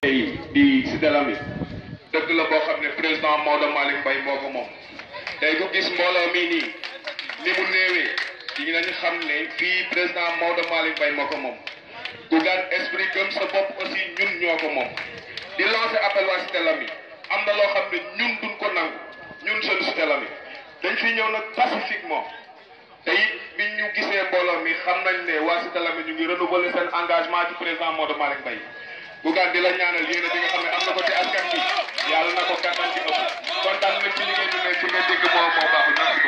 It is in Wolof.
yi di si dalam yi dëgg la boo xam ne président Maodo Malick Mbaye moo ko moom tey ku gis mbooloo mi nii ni mu néewee yi nañu xam ne fii président Maodo Malick Mbaye moo ko moom ku gaan esprit gëm sa bopp aussi ñun ñoo ko moom di lancé appel waa si dalam am na loo xam ne ñun duñ ko nangu ñun seen si dalam yi dañ fi ñëw nag pacifiquement te it bi ñu gisee mbooloo mi xam nañ ne waa si dalam yi ñu ngi renouveler seen engagement ci président Maodo Malick Mbaye Bougane di a ñaanal yéene bi nga xam ne am na ko ci askan bi yàlla ci ëpp kontaan na ci liggéey bi ne